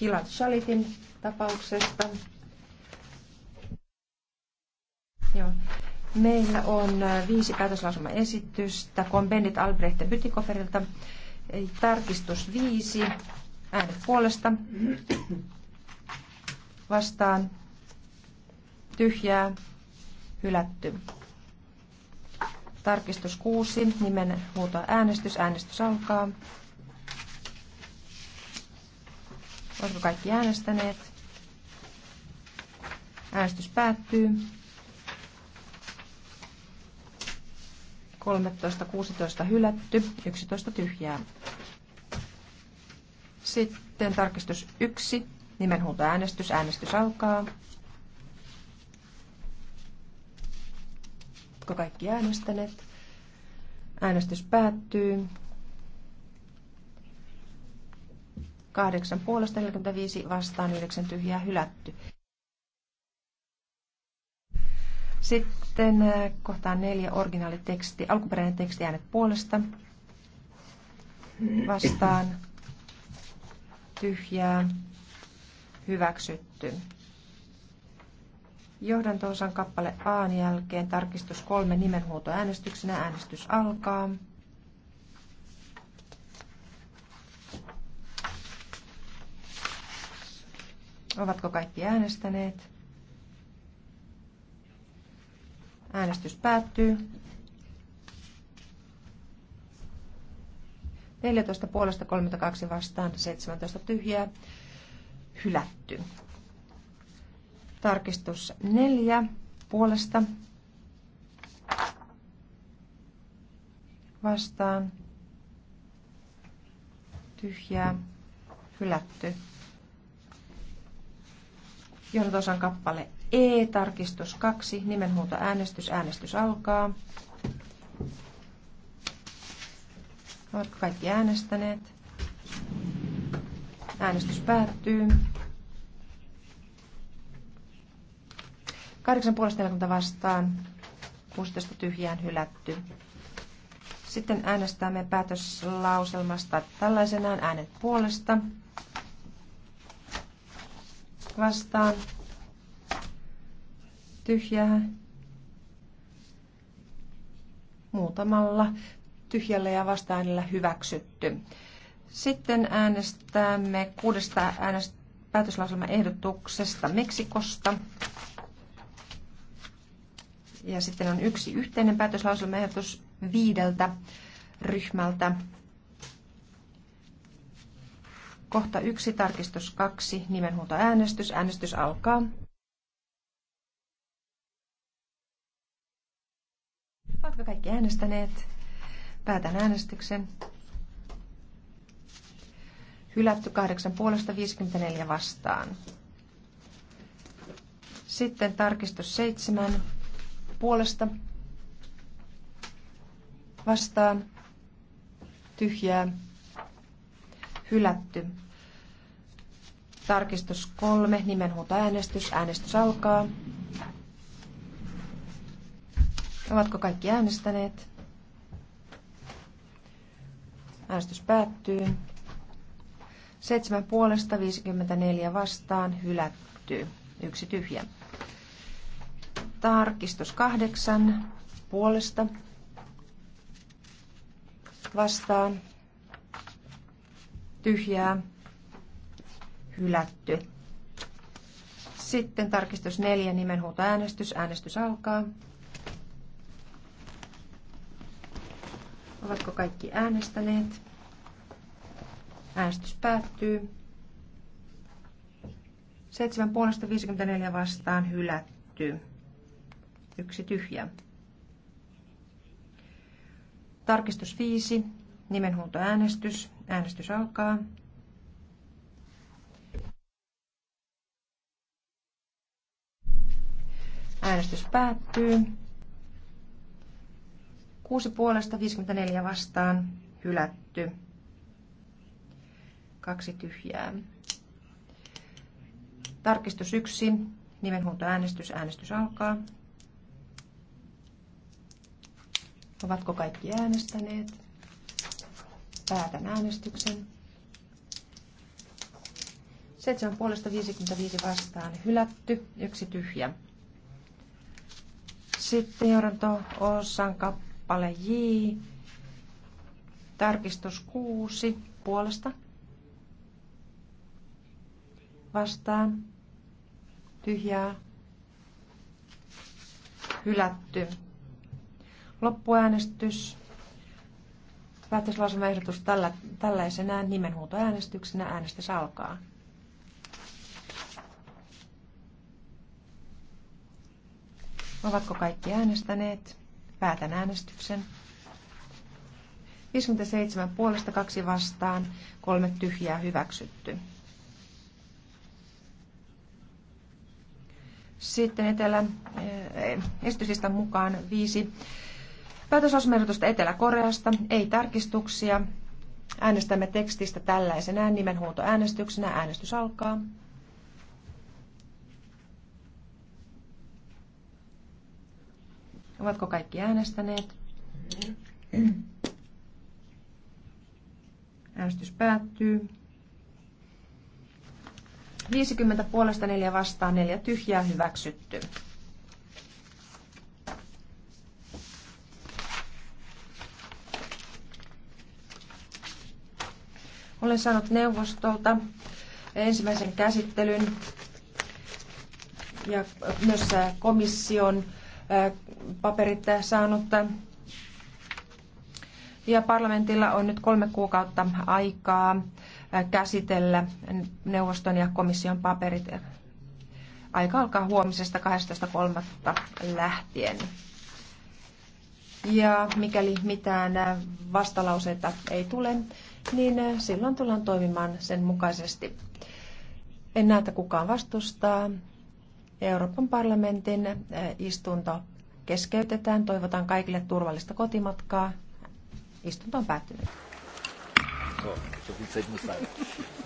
Hilat Shalitin tapauksesta. Joo. Meillä on äh, viisi päätöslausumaesitystä. Kon Bendit Albrecht ja Bytikoferilta. Tarkistus viisi. Äänet puolesta. Vastaan. Tyhjää. Hylätty. Tarkistus kuusi Nimen muuta äänestys. Äänestys alkaa. Oletko kaikki äänestäneet? Äänestys päättyy. 13.16 hylätty, 11 tyhjää. Sitten tarkistus 1, nimenhuutoäänestys. Äänestys alkaa. Oletko kaikki äänestäneet? Äänestys päättyy. 8 puolesta 45 vastaan 9 tyhjää hylätty. Sitten äh, kohtaan neljä originaaliteksti, alkuperäinen teksti äänet puolesta. Vastaan tyhjää hyväksytty. Johdanto-osan kappale A jälkeen tarkistus kolme nimenhuuto äänestyksenä. Äänestys alkaa. Ovatko kaikki äänestäneet? Äänestys päättyy. 14 puolesta 32 vastaan 17 tyhjää. Hylätty. Tarkistus 4 puolesta vastaan tyhjää. Hylätty. Johdotosan kappale E, tarkistus 2, nimenhuuto äänestys, äänestys alkaa. Oletko kaikki äänestäneet? Äänestys päättyy. 8 vastaan, 16 tyhjään hylätty. Sitten äänestämme päätöslauselmasta tällaisenaan äänet puolesta vastaan. Tyhjää. Muutamalla tyhjällä ja vastaanilla hyväksytty. Sitten äänestämme kuudesta äänest- ehdotuksesta Meksikosta. Ja sitten on yksi yhteinen ehdotus viideltä ryhmältä. Kohta yksi, tarkistus kaksi, nimenhuuto äänestys. Äänestys alkaa. Oletko kaikki äänestäneet? Päätän äänestyksen. Hylätty kahdeksan puolesta 54 vastaan. Sitten tarkistus seitsemän puolesta vastaan tyhjää hylätty. Tarkistus kolme, nimenhuuta Äänestys alkaa. Ovatko kaikki äänestäneet? Äänestys päättyy. 7 puolesta 54 vastaan hylätty. Yksi tyhjä. Tarkistus 8 puolesta vastaan tyhjää, hylätty. Sitten tarkistus 4, nimenhuutoäänestys. Äänestys alkaa. Ovatko kaikki äänestäneet? Äänestys päättyy. 7 puolesta 54 vastaan hylätty. Yksi tyhjä. Tarkistus 5. Nimenhuutoäänestys. Äänestys alkaa. Äänestys päättyy. 6 puolesta 54 vastaan. Hylätty. Kaksi tyhjää. Tarkistus 1. Nimenhuutoäänestys. Äänestys alkaa. Ovatko kaikki äänestäneet? Päätän äänestyksen. 7 puolesta 55 vastaan hylätty, yksi tyhjä. Sitten johdanto osan kappale J. Tarkistus 6 puolesta vastaan tyhjää hylätty. Loppuäänestys ehdotus tällä, tällaisenään nimenhuutoäänestyksenä äänestys alkaa. Ovatko kaikki äänestäneet? Päätän äänestyksen. 57 puolesta, kaksi vastaan, kolme tyhjää hyväksytty. Sitten etelä, eh, esityslistan mukaan viisi Päätösosmerotusta Etelä-Koreasta, ei tarkistuksia. Äänestämme tekstistä tällaisenään nimenhuutoäänestyksenä. Äänestys alkaa. Ovatko kaikki äänestäneet? Äänestys päättyy. 50 puolesta 4 vastaan 4 tyhjää hyväksytty. Olen saanut neuvostolta ensimmäisen käsittelyn ja myös äh, komission äh, paperit saanut. Ja parlamentilla on nyt kolme kuukautta aikaa äh, käsitellä neuvoston ja komission paperit. Aika alkaa huomisesta 12.3. lähtien. Ja mikäli mitään vastalauseita ei tule, niin eh, silloin tullaan toimimaan sen mukaisesti. En näytä kukaan vastustaa. Euroopan parlamentin eh, istunto keskeytetään. Toivotan kaikille turvallista kotimatkaa. Istunto on päättynyt. Oh, so